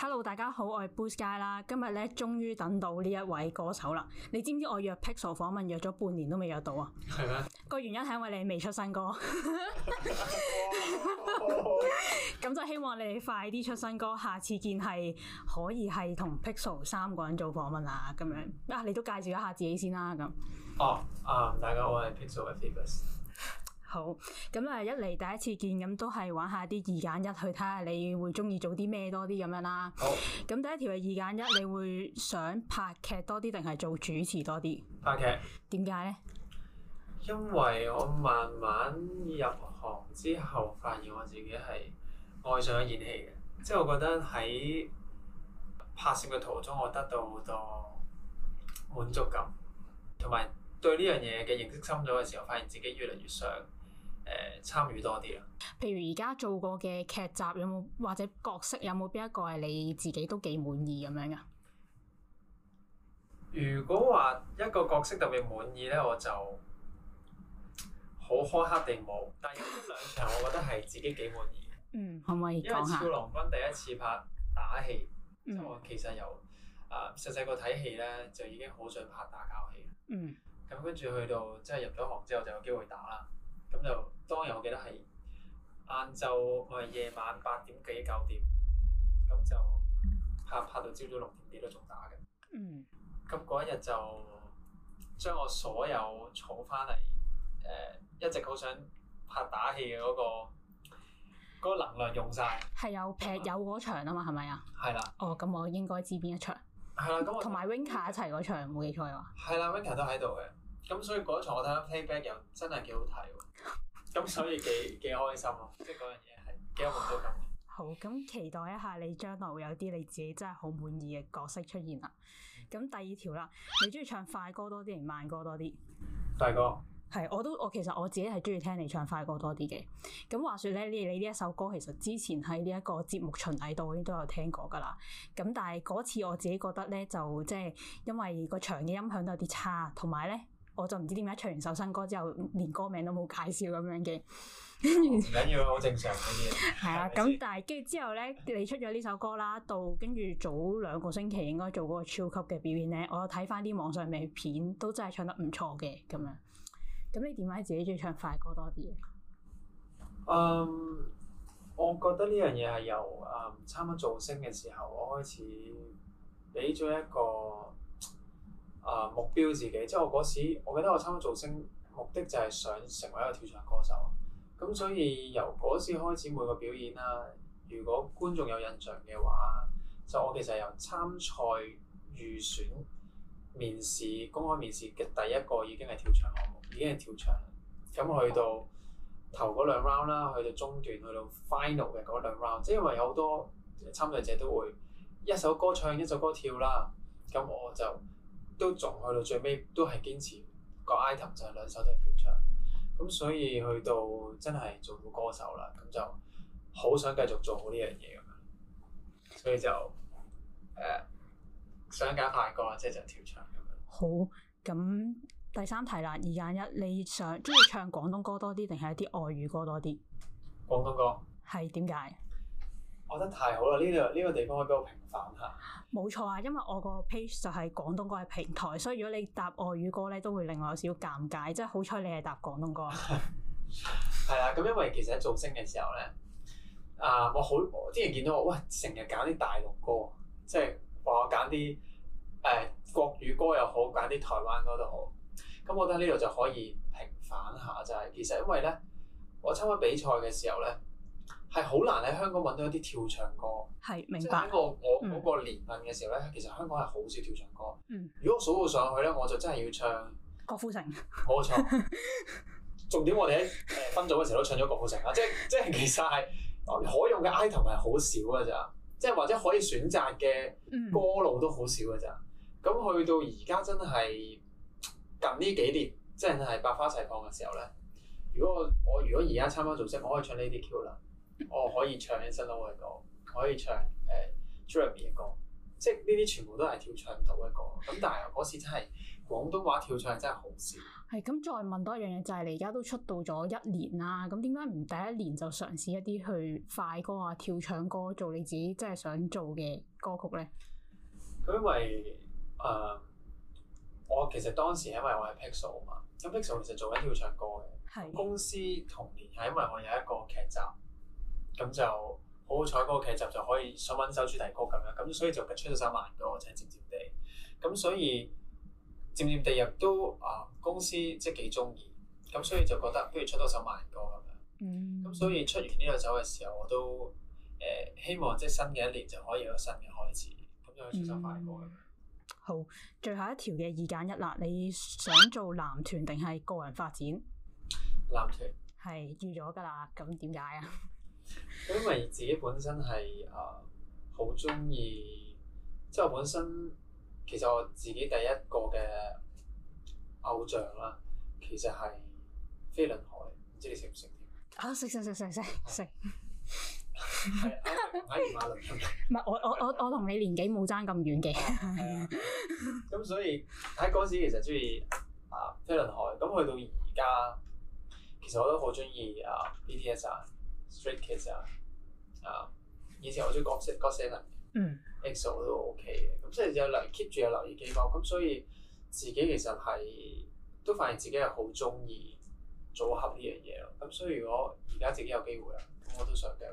Hello，大家好，我係 Boost Guy 啦。今日咧，終於等到呢一位歌手啦。你知唔知我約 Pixel 訪問約咗半年都未約到啊？係咩嗎？個原因係因為你未出新歌。咁、 oh. 就希望你快啲出新歌，下次見係可以係同 Pixel 三個人做訪問啦。咁樣啊，你都介紹一下自己先啦。咁哦，啊大家，好，我係 Pixel，我係 Phoebus。好，咁啊，一嚟第一次見，咁都係玩下啲二揀一，去睇下你會中意做啲咩多啲咁樣啦。好，咁第一條係二揀一，你會想拍劇多啲定係做主持多啲？拍劇 Okay.。點解咧？因為我慢慢入行之後，發現我自己係愛上演戲嘅，即係我覺得喺拍攝嘅途中，我得到好多滿足感，同埋對呢樣嘢嘅認識深咗嘅時候，發現自己越嚟越想。誒，參與、呃、多啲啦。譬如而家做過嘅劇集有冇或者角色有冇邊一個係你自己都幾滿意咁樣噶？如果話一個角色特別滿意咧，我就好苛刻定冇。但係呢兩場我覺得係自己幾滿意嘅。 嗯，可唔可以因為《超郎君》第一次拍打戲，即、嗯、我其實由啊細細個睇戲咧，就已經好想拍打交戲。嗯。咁跟住去到即係入咗行之後就有機會打啦。咁就。晏晝咪夜晚八點幾九點，咁就拍拍到朝早六點幾都仲打嘅。嗯。咁嗰一日就將我所有儲翻嚟，誒、呃、一直好想拍打戲嘅嗰個嗰、嗰個能量用晒。係有劈友嗰場啊嘛，係咪啊？係啦。的哦，咁我應該知邊一場？係啦，咁同埋 Winka 一齊嗰場，冇記錯嘅話。係啦 Winka 都喺度嘅。咁所以嗰場我睇翻 playback 又真係幾好睇喎。咁所以幾幾開心啊，即係嗰樣嘢係幾滿足感。好，咁期待一下你將來會有啲你自己真係好滿意嘅角色出現啊！咁、嗯、第二條啦，你中意唱快歌多啲定慢歌多啲？大哥，係，我都我其實我自己係中意聽你唱快歌多啲嘅。咁話說咧，你你呢一首歌其實之前喺呢一個節目巡禮度已經都有聽過噶啦。咁但係嗰次我自己覺得咧，就即係因為個場嘅音響都有啲差，同埋咧。我就唔知點解唱完首新歌之後，連歌名都冇介紹咁樣嘅。唔緊要，好正常啲嘢。係 啊，咁但係跟住之後咧，你出咗呢首歌啦，到跟住早兩個星期應該做嗰個 Chill Club 嘅表演咧，我睇翻啲網上嘅片，都真係唱得唔錯嘅咁樣。咁你點解自己中意唱快歌多啲啊？嗯，我覺得呢樣嘢係由誒差唔多造星嘅時候我開始俾咗一個。啊！目標自己，即係我嗰時，我記得我參賽造星目的就係想成為一個跳唱歌手。咁所以由嗰時開始每個表演啦，如果觀眾有印象嘅話，就我其實由參賽預選面試，公開面試嘅第一個已經係跳唱項目，已經係跳唱。咁去到頭嗰兩 round 啦，去到中段去到 final 嘅嗰兩 round，即係因為有好多參賽者都會一首歌唱一首歌跳啦。咁我就～都仲去到最尾，都係堅持個 item 就係兩首都係跳唱咁，所以去到真係做到歌手啦。咁就好想繼續做好呢樣嘢咁，所以就誒、呃、想揀派歌，即係就是、跳唱咁樣好。咁第三題啦，二揀一，你想鍾意唱廣東歌多啲，定係一啲外語歌多啲？廣東歌。係，點解？我覺得太好啦！呢度呢個地方可以畀我平反下。冇錯啊，因為我個 page 就係廣東歌嘅平台，所以如果你搭外語歌咧，都會令我有少少尷尬。即係好彩你係搭廣東歌。係啦、 啊，咁因為其實造星嘅時候咧，啊我好，我之前見到我，喂成日揀啲大陸歌，即係話我揀啲誒國語歌又好，揀啲台灣歌都好。咁我覺得呢度就可以平反下，就係其實因為咧，我參加比賽嘅時候咧。係好難喺香港揾到一啲跳唱歌係，明白。喺我我嗰個年份嘅時候咧，嗯、其實香港係好少跳唱歌。嗯，如果數到上去咧，我就真係要唱郭富城，冇錯。 重點我哋喺誒分組嘅時候都唱咗郭富城啦。即即其實係可用嘅 item 係好少㗎，咋即或者可以選擇嘅歌路都好少㗎，咋。咁去到而家真係近呢幾年，即係百花齊放嘅時候咧。如果我我如果而家參加造星，我可以唱呢啲曲啦。我可，我可以唱 Anson Lo 嘅歌，可以唱誒 Jeremy 嘅歌，即係呢啲全部都係跳唱到嘅歌。咁但係嗰時真係廣東話跳唱真係好少。係咁，再問多一樣嘢，就係、是、你而家都出道咗一年啦。咁點解唔第一年就嘗試一啲去快歌啊、跳唱歌做你自己真係想做嘅歌曲咧？咁因為誒、呃，我其實當時因為我係 Pixel 啊嘛，咁 Pixel 其實做緊跳唱歌嘅的公司同年係因為我有一個劇集。咁就好彩，嗰、那個劇集就可以想搵首主題曲咁樣，咁所以就出咗首慢歌，就係、漸漸地，咁所以漸漸地入都啊、呃、公司即係幾中意，咁所以就覺得不如出多首慢歌咁樣，咁所以出完呢兩首嘅時候，我都誒、呃、希望即係新嘅一年就可以有新嘅開始，咁就可以出首慢歌、嗯。好，最後一條嘅二揀一啦，你想做男團定係個人發展？男團係預咗㗎啦，咁點解啊？因為自己本身係誒好中意，即係我本身，其實我自己第一個嘅偶像啦，其實係飛輪海，唔知你識唔識添？啊，識識識識識，我唔係我我我我同你年紀冇差咁遠嘅。咁所以喺嗰時其實中意啊飛輪海，咁去到而家，其實我都好中意啊 BTS Stray Kids 啊，啊，以前我中意 GOT GOT Seven EXO 都 OK 嘅，咁即係有留 keep 住有留意幾包，咁、嗯、所以自己其實係都發現自己係好中意組合呢樣嘢咯。咁、嗯、所以如果而家自己有機會啦，咁我都想繼續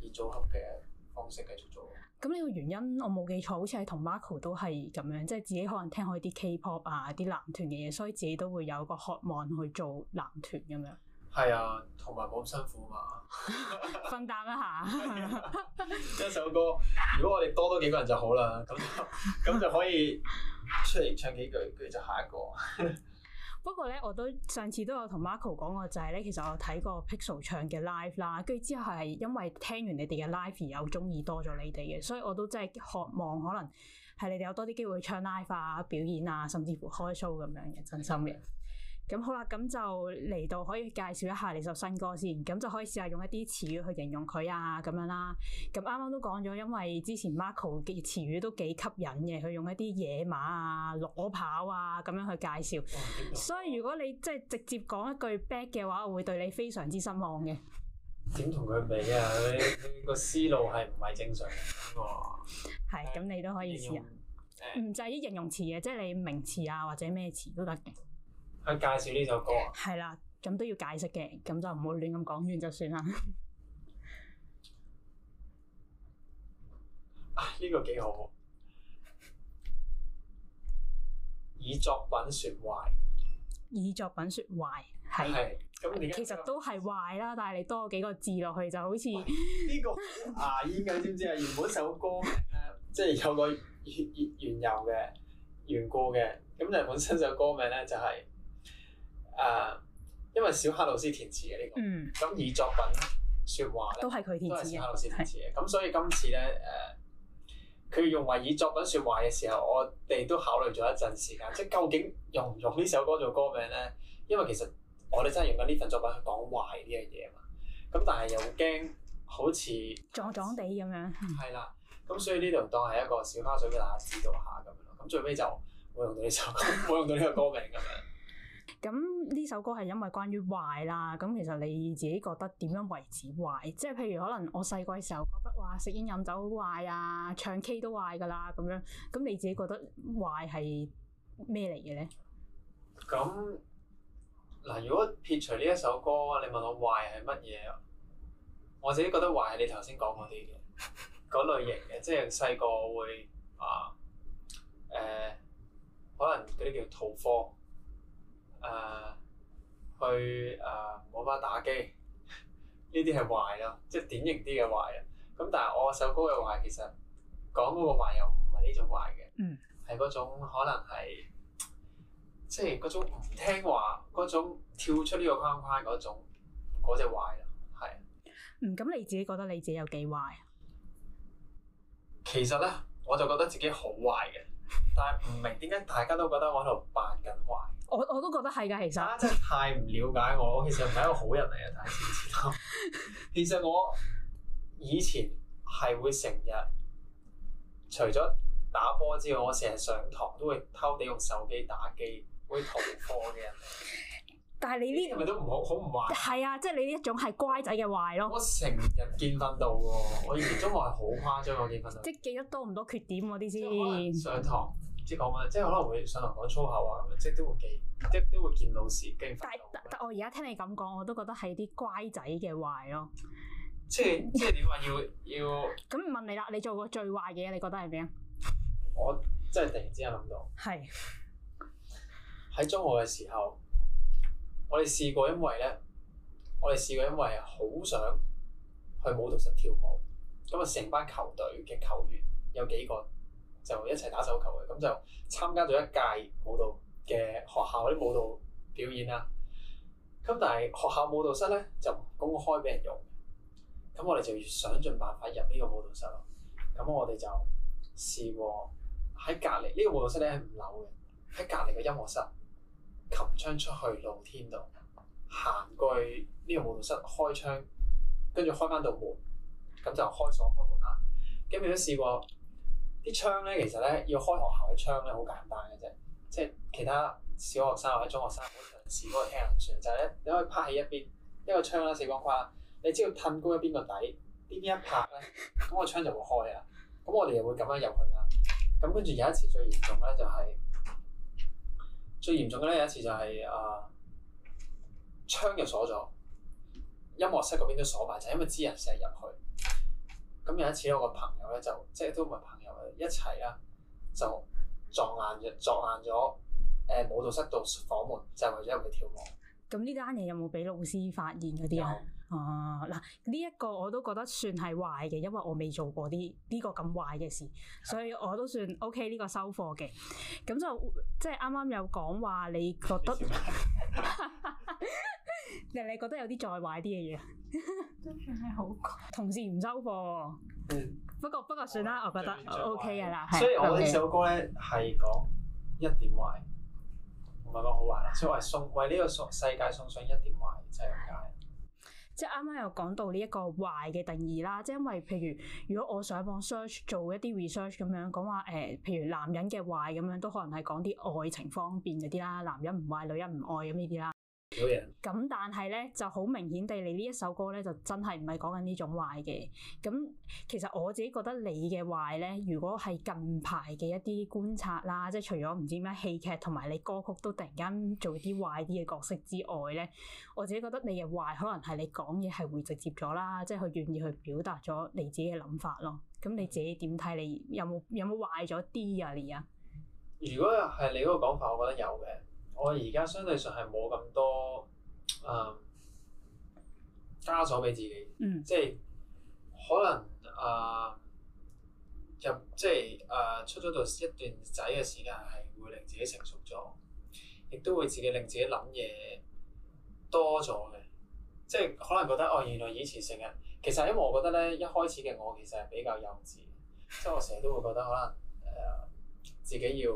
以組合嘅方式繼續做。咁呢、嗯、個原因我冇記錯，好似係同 Marco 都係咁樣，即係自己可能聽開啲 K-pop 啊啲男團嘅嘢，所以自己都會有一個渴望去做男團咁樣。係啊，同埋冇咁辛苦嘛，分擔一下。一首歌，如果我哋多多幾個人就好啦，咁就咁就可以出嚟唱幾句，跟住就下一個。 不過咧，我都上次都有同 Marco 講過，就係、是、咧，其實我睇過 P1X3L 唱嘅 live 啦，跟住之後係因為聽完你哋嘅 live 而又中意多咗你哋嘅，所以我都真係渴望可能係你哋有多啲機會唱 live 啊、表演啊，甚至乎開 show 咁樣嘅，真心嘅。咁好啦，咁就嚟到可以介紹一下你首新歌先，咁就可以試下用一啲詞語去形容佢啊，咁樣啦。咁啱啱都講咗，因為之前 Marco 嘅詞語都幾吸引嘅，佢用一啲野馬啊、裸跑啊咁樣去介紹。嗯、所以如果你即係直接講一句 Bad 嘅話，我會對你非常之失望嘅。點同佢比啊？你 個思路係唔係正常嘅係，咁 你都可以試啊。唔止啲形容詞嘅，即係你名詞啊，或者咩詞都得嘅。介紹呢首歌啊？係啦，咁都要解釋嘅，咁就唔好亂咁講完就算啦。呢、啊這個幾好， 以作品説壞， 以作品説壞，係的，咁、嗯、其實都係壞啦。 但係你多幾個字落去，就好似呢、這個啊，牙煙 知唔知啊？原本首歌名咧， 即係有個原有個原由嘅緣故嘅，咁人本身首歌名咧就係、是。誒，uh, 因為小黑老師填詞嘅呢個，咁以、嗯、作品説話都係佢填詞嘅，小黑老師填詞嘅，咁是的 所以今次咧誒，佢、uh, 用為以作品説話嘅時候，我哋都考慮咗一陣時間，即係究竟用唔用呢首歌做歌名咧？因為其實我哋真係用緊呢份作品去講壞呢一樣嘢啊嘛，咁但係又驚好似撞撞地咁樣，係啦，咁所以呢度當係一個小花絮俾大家知道下咁樣，咁最尾就會用到呢首歌，會用到呢個歌名咁樣。咁呢首歌係因為關於壞啦，咁其實你自己覺得點樣為止壞？即係譬如可能我細個嘅時候覺得話食煙飲酒好壞啊，唱 K 都壞噶啦咁樣，咁你自己覺得壞係咩嚟嘅咧？咁嗱、嗯，如果撇除呢一首歌，你問我壞係乜嘢，我自己覺得壞係你頭先講嗰啲嘅嗰類型嘅，即係細個會啊誒、呃，可能嗰啲叫土科。誒、呃、去誒網吧打機，呢啲係壞咯，即係典型啲嘅壞啦。咁但係我首歌嘅壞，其實講嗰個壞又唔係呢種壞嘅，係嗰、嗯、種可能係即係嗰種唔聽話，嗰種跳出呢個框框嗰種嗰隻壞啦，係。嗯，咁你自己覺得你自己有幾壞啊？其實咧，我就覺得自己好壞嘅，但係唔明點解大家都覺得我喺度扮緊壞。我我都覺得係㗎，其實。啊！真係太唔了解我，其實唔係一個好人嚟嘅，大家知唔知道？ 其實我以前係會成日，除咗打波之外，我成日上堂都會偷地用手機打機，會逃課嘅人。但係你呢？係咪都唔好，好唔壞？係 啊，即係你呢一種係乖仔嘅壞咯。我成日見訓導喎，我以前中學係好誇張我見訓導。 即係記得多唔多缺點嗰啲先。上堂。即講乜，即可能會上堂講粗口啊，咁樣即都會記，即都會見到時經。但係，但但我而家聽你咁講，我都覺得係啲乖仔嘅壞咯。即即點話？要要。咁 問你啦，你做過最壞嘅嘢，你覺得係咩？我真係突然之間諗到。係。喺中學嘅時候，我哋試過，因為咧，我哋試過，因為好想去舞蹈室跳舞，咁啊，成班球隊嘅球員有幾個。就一齊打手球嘅，咁就參加咗一屆舞蹈嘅學校啲舞蹈表演啦。咁但係學校舞蹈室咧就唔公開俾人用，咁我哋就要想盡辦法入呢個舞蹈室咯。咁我哋就試過喺隔離呢個舞蹈室咧係五樓嘅，喺隔離嘅音樂室，琴窗出去露天度，行過去呢個舞蹈室，開窗，跟住開翻道門，咁就開鎖開門啦。咁我都試過。啲窗咧，其實咧要開學校嘅窗咧，好簡單嘅啫，即係其他小學生或者中學生好常試嗰個聽人算，人就係咧你可以趴喺一邊一個窗啦，四方框你只要褪高一邊個底，邊邊一拍咧，咁、嗰個窗就會開啊，咁我哋又會咁樣入去啦。咁跟住有一次最嚴重咧、就係，就係最嚴重嘅咧，有一次就係、是、啊、呃，窗又鎖咗，音樂室嗰邊都鎖埋，就係、是、因為啲人成日入去。咁、嗯、有一次我個朋友咧，就即係都唔係朋友一齊啦，就撞爛咗撞爛咗，誒，舞蹈室度房門，就為咗入去跳舞。咁呢單嘢有冇俾老師發現嗰啲有啊？哦，嗱，呢一個我都覺得算係壞嘅，因為我未做過啲呢個咁壞嘅事，的所以我都算 OK 呢個收貨嘅。咁就即係啱啱有講話，你覺得。 其實你覺得有啲再壞啲嘅嘢都算係好過同事唔收貨、嗯，不過不過算啦，我,呢我覺得 O K 噶啦。所以我呢首歌咧係講一點壞，唔係講好壞啦，即係話我送為呢個世界送上一點壞，即係咁解。即係啱啱又講到呢一個壞嘅定義啦，即、就、係、是、因為譬如如果我上網 search 做一啲 research 咁樣講話，誒、呃，譬如男人嘅壞咁樣，都可能係講啲愛情方面嗰啲啦，男人唔壞，女人唔愛咁呢啲啦。咁但係咧就好明顯地，你呢一首歌咧就真係唔係講緊呢種壞嘅。咁其實我自己覺得你嘅壞咧，如果係近排嘅一啲觀察啦，即係除咗唔知咩戲劇同埋你歌曲都突然間做啲壞啲嘅角色之外咧，我自己覺得你嘅壞可能係你講嘢係會直接咗啦，即係佢願意去表達咗你自己嘅諗法咯。咁你自己點睇？你有冇有冇壞咗啲啊你？你啊？如果係你嗰個講法，我覺得有嘅。我而家相對上係冇咁多誒枷鎖俾自己，嗯、即係可能誒入、呃、即係誒、呃、出咗道一段仔嘅時間，係會令自己成熟咗，亦都會自己令自己諗嘢多咗嘅，即係可能覺得哦，原來以前成日其實因為我覺得咧，一開始嘅我其實係比較幼稚，即係 我成日都會覺得可能誒、呃、自己要，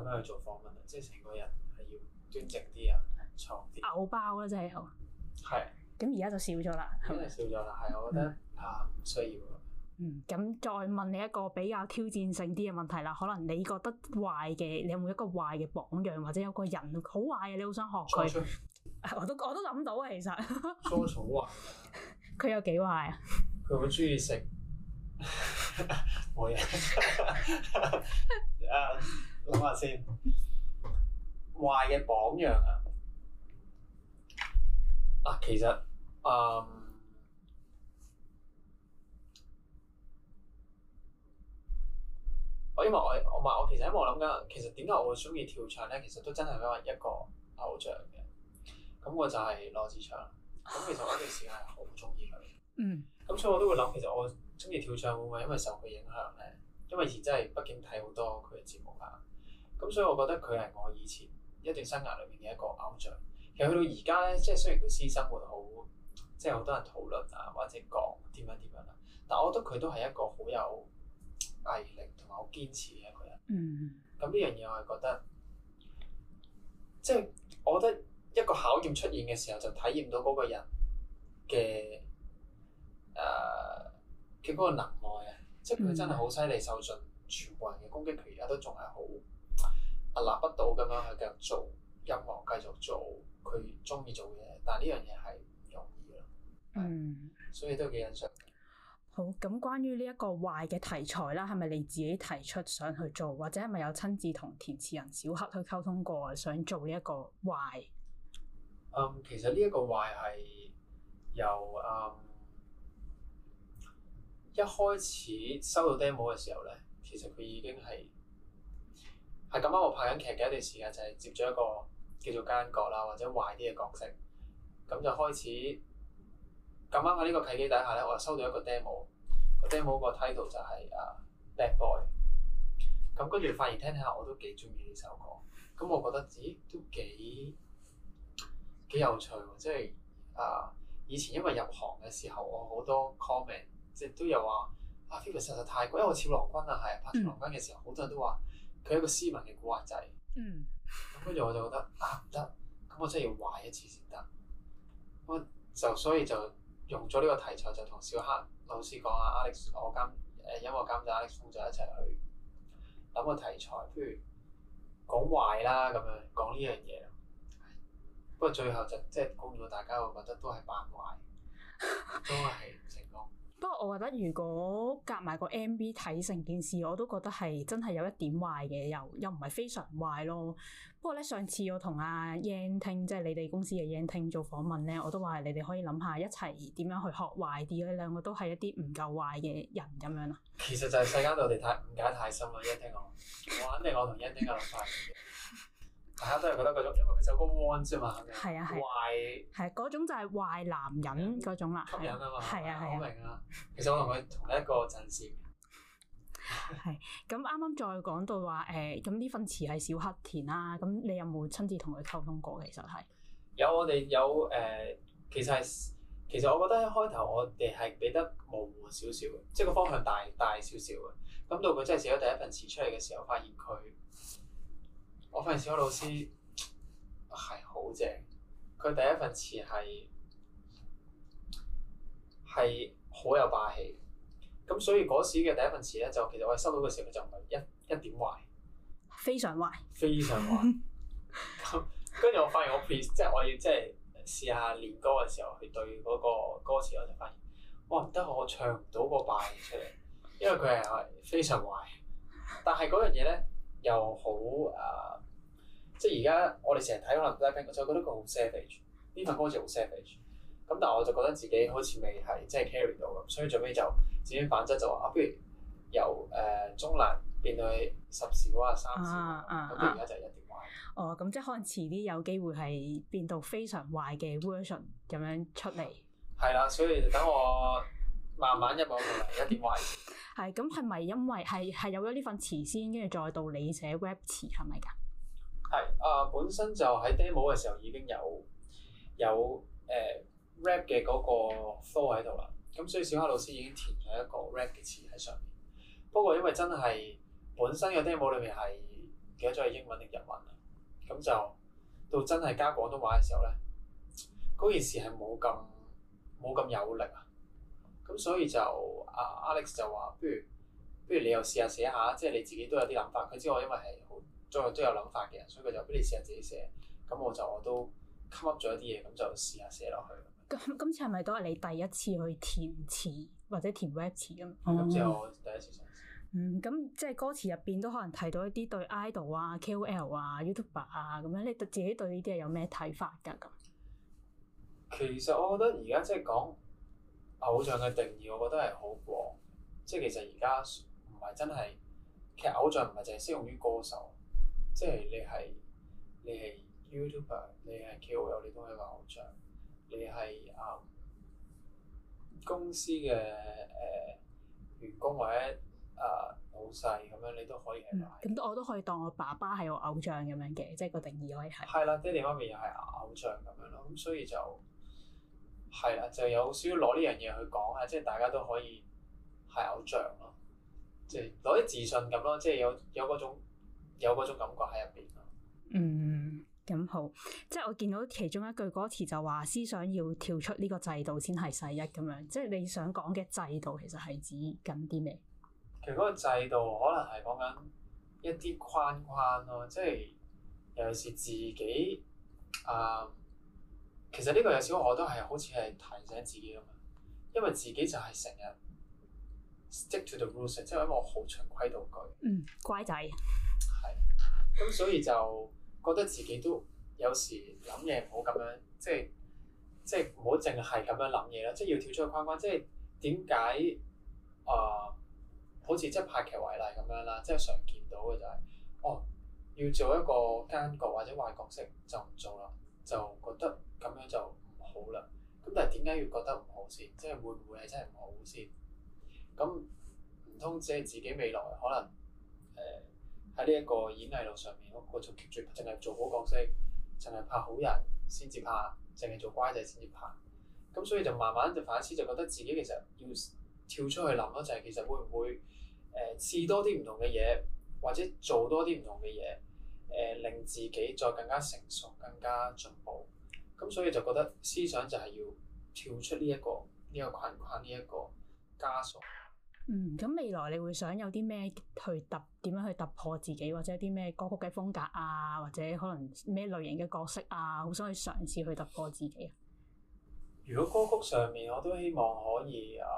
咁樣去做訪問啊，即係成個人係要端正啲啊，長啲。牛包啦，真係好。係。咁而家就少咗啦。咁係少咗啦，係我覺得啊，唔需要咯。嗯，咁、 mm，再問你一個比較挑戰性啲嘅問題啦，可能你覺得壞嘅，你有冇一個壞嘅榜樣，或者有個人好壞嘅，你好想學佢祥？ 我都我都諗到啊，其實。莊楚啊。佢、哦哎、 有幾壞啊？佢好鍾意食。每 日。 諗下先，壞嘅榜樣啊！啊，其實誒，我、嗯、因為我我唔係我其實因為我諗緊，其實點解我中意跳唱咧？其實都真係因為一個偶像嘅咁，我就係羅志祥咁。其實嗰段時間係好中意佢嘅。嗯，咁所以我都會諗，其實我中意跳唱會唔會因為受佢影響咧？因為以前真係，畢竟睇好多佢嘅節目啊。咁所以，我覺得佢係我以前一段生涯裏面嘅一個偶像。其實去到而家咧，即係雖然佢私生活好，即係好多人討論啊，或者講點樣點樣啦。但我覺得佢都係一個好有毅力同埋好堅持嘅一個人。嗯，咁呢樣嘢我係覺得，即係我覺得一個考驗出現嘅時候，就體驗到嗰個人嘅誒佢嗰個能耐啊，即係佢真係好犀利，受盡全部人嘅攻擊，佢而家都仲係好立不到咁樣，佢繼續做音樂，繼續做佢中意做嘅嘢。但係呢樣嘢係唔容易咯。嗯，所以都幾欣賞。好，咁，關於呢一個壞嘅題材啦，係咪你自己提出想去做，或者係咪有親自同填詞人小黑去溝通過，想做呢一個壞？嗯，其實呢一個壞係由嗯一開始收到 demo 嘅時候咧，其實佢已經係。咁啱我拍緊劇嘅一段時間，就係、是、接咗一個叫做奸角啦，或者壞啲嘅角色。咁就開始，咁啱喺呢個契機底下咧，我收到一個 demo dem、就是。個 demo 個 title、uh, 就係啊《Bad Boy》。咁跟住發現聽下，我都幾中意呢首歌。咁我覺得咦、欸、都幾幾有趣喎！即係啊，uh, 以前因為入行嘅時候，我好多 comment 即係都有話啊、ah，Phoebus 實在太貴，因為我似郎君啊，係拍《郎君》嘅時候，好多人都話。佢係一個斯文嘅古惑仔，咁跟住我就覺得啊唔得，咁我真係要壞一次先得，我就所以就用咗呢個題材就同小黑老師講啊，Alex 我監誒、呃、音樂監製 Alex 峰就一齊去諗個題材，譬如講壞啦咁樣講呢樣嘢，不過最後就即係估唔到大家會覺得都係扮壞，都係。 不過我覺得如果夾埋個 MV 睇成件事，我都覺得係真係有一點壞嘅，又又唔係非常壞咯。不過咧，上次我同阿 Yen 聽，即係你哋公司嘅 Yen 聽做訪問咧，我都話你哋可以諗下一齊點樣去學壞啲咯。兩個都係一啲唔夠壞嘅人咁樣啦。其實就係世間對我哋太誤解太深啦，Yen 聽，我，我肯定我同 Yen 聽嘅諗大家都係覺得嗰種，因為佢首歌彎啫嘛，係啊，壞係嗰、啊、種就係壞男人嗰種啦，啊、吸引啊嘛，好明啊。其實我同佢同一個陣線。係咁啱啱再講到話誒，咁、呃、呢份詞係小黑田啦、啊，咁你有冇親自同佢溝通過？其實係有我哋有誒、呃，其實係其實我覺得一開頭我哋係俾得模糊少少嘅，即係個方向大的的大少少嘅。咁到佢真係寫咗第一份詞出嚟嘅時候，發現佢。我發現小學老師係好正，佢第一份詞係係好有霸氣，咁所以嗰時嘅第一份詞咧，就其實我係收到嘅時候就唔係一一點壞，非常壞，非常壞。咁跟住我發現我 please 即係我要即係試下練歌嘅時候去對嗰個歌詞，我就發現哇，唔得，我唱唔到個霸氣出嚟，因為佢係非常壞。但係嗰樣嘢咧又好誒。呃即係而家我哋成日睇可能得翻，iving, 我覺得佢好 savage，呢份歌詞好 savage。咁但係我就覺得自己好似未係即係 carry 到咁，所以最尾就始終反側就話啊，不如由誒、呃、中難變到十兆啊三兆啊，不如而家就一點壞。Uh, 哦，咁即係可能遲啲有機會係變到非常壞嘅 version 咁樣出嚟。係啦，所以等我慢慢一步一步嚟一點壞。係， 咁係咪因為係係有咗呢份詞先，跟住再到你寫 rap 詞係咪㗎？是係啊、呃，本身就喺 demo 嘅時候已經有有誒、呃、rap 嘅嗰個 flow 喺度啦，咁所以小黑老師已經填咗一個 rap 嘅詞喺上面。不過因為真係本身嘅 demo 裏面係唔記得咗係英文定日文啦，咁就到真係加廣東話嘅時候咧，嗰件事係冇咁冇咁有力啊。咁所以就啊、呃、Alex 就話不如不如你又試下寫一下，即係你自己都有啲諗法。佢知我因為係好。再都有諗法嘅人，所以佢就俾你試下自己寫。咁我就我都 come up 咗一啲嘢，咁就試下寫落去。咁今次係咪都係你第一次去填詞或者填 rap 詞咁？嗯、之後我第一次想寫。嗯，咁即係歌詞入邊都可能提到一啲對 idol 啊、K O L 啊、Youtuber 啊咁樣。你對自己對呢啲係有咩睇法㗎？咁其實我覺得而家即係講偶像嘅定義，我覺得係好廣。即係其實而家唔係真係其實偶像唔係淨係適用於歌手。即係你係你係 YouTuber，你係 KOL，你都係個偶像。你係啊、嗯、公司嘅誒、呃呃、員工或者啊、呃、老細咁樣，你都可以係。嗯。咁我都可以當我爸爸係我偶像咁樣嘅，即係個定義可以係。係啦，爹哋媽咪又係偶像咁樣咯，咁所以就係啦，就有少少攞呢樣嘢去講啊，即係大家都可以係偶像咯，即係攞啲自信咁咯，即係有有嗰種。有嗰種感覺喺入邊，嗯，咁好。即係我見到其中一句歌詞就話思想要跳出呢個制度先係世一咁樣。即係你想講嘅制度其實係指緊啲咩？其實嗰個制度可能係講緊一啲框框咯。即係尤其是自己啊、呃，其實呢個有時我都係好似係提醒自己啊嘛，因為自己就係成日。Stick to the rules，即係因為我好循規蹈矩，嗯，乖仔，係，咁所以就覺得自己都有時諗嘢唔好咁樣，即係即係唔好淨係咁樣諗嘢啦，即係要跳出框框，即係點解啊？好似即係拍劇為例咁樣啦，即係常見到嘅就係、是，哦，要做一個奸角或者壞角色就唔做啦，就覺得咁樣就唔好啦。咁但係點解要覺得唔好先？即係會唔會係真係唔好先？咁唔通，即係自己未來可能誒喺呢一個演藝路上面，我個做最淨係做好角色，淨係拍好人先至拍，淨係做乖仔先至拍。咁所以就慢慢就反思，就覺得自己其實要跳出去諗咯，就係、是、其實會唔會誒、呃、試多啲唔同嘅嘢，或者做多啲唔同嘅嘢，誒、呃、令自己再更加成熟、更加進步。咁所以就覺得思想就係要跳出呢、這、一個呢、這個框框呢一個枷鎖。嗯，咁未來你會想有啲咩去突點樣去突破自己，或者啲咩歌曲嘅風格啊，或者可能咩類型嘅角色啊，好想去嘗試去突破自己啊。如果歌曲上面我都希望可以啊，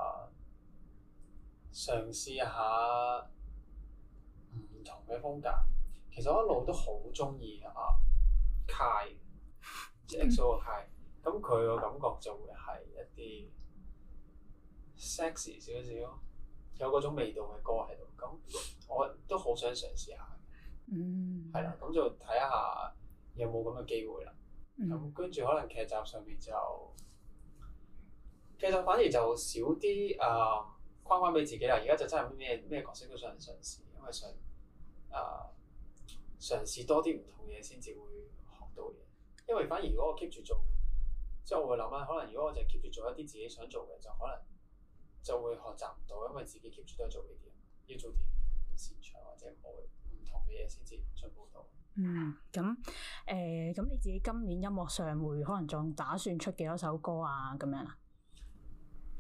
嘗試一下唔同嘅風格。其實我一路都好鍾意啊，Kai 即係 EXO 嘅 Kai，咁佢個感覺就會係一啲 sexy 少少。嗯褐褐有嗰種味道嘅歌喺度，咁我都好想嘗試下。嗯、mm.，係啦，咁就睇下有冇咁嘅機會啦。咁跟住可能劇集上面就，其實反而就少啲啊、呃、框框俾自己啦。而家就真係咩咩角色都想嘗試，因為想啊嘗試多啲唔同嘢先至會學到嘢。因為反而如果我 keep 住做，即係我會諗啦，可能如果我就 keep 住做一啲自己想做嘅，就可能。就會學習唔到，因為自己 keep 住都係做呢啲，要做啲擅長或者唔同唔同嘅嘢先至進步到。嗯，咁誒，咁、呃、你自己今年音樂上會可能仲打算出幾多首歌啊？咁樣啊？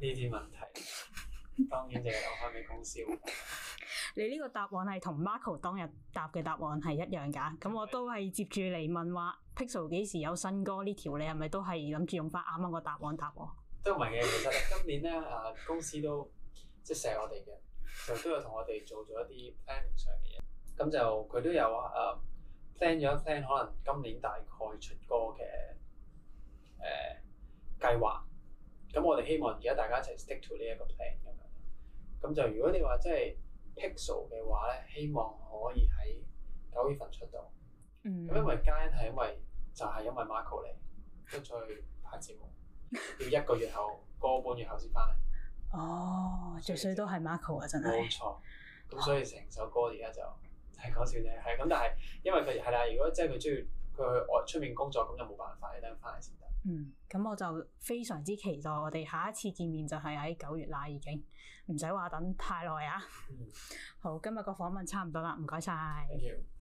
呢啲問題 當然就要留翻畀公司 你呢個答案係同 Marco 當日答嘅答案係一樣㗎，咁我都係接住嚟問話 P1X3L 幾時有新歌呢條，你係咪都係諗住用翻啱啱個答案答我？都唔係嘅，其實今年咧，誒、啊、公司都即係錫我哋嘅，就都有同我哋做咗一啲 planning 上嘅嘢。咁就佢都有話 plan 咗一 plan 可能今年大概出歌嘅誒計劃。咁我哋希望而家大家一齊 stick to 呢一個 plan 咁樣。咁就如果你話即係 pixel 嘅話咧，希望可以喺九月份出到。咁、嗯、因為嘉欣係因為就係、是、因為 Marco 嚟都咗去拍節目。 要一個月後，個半月後先翻嚟。哦，最衰都係 Marco 啊，真係。冇錯，咁所以成首歌而家就係搞笑啫，係咁。但係因為佢係啦，如果即係佢中意，佢去外出面工作，咁就冇辦法，等翻嚟先得。嗯，咁我就非常之期待，我哋下一次見面就係喺九月啦，已經唔使話等太耐啊。 好，今日個訪問差唔多啦，唔該晒。Thank you.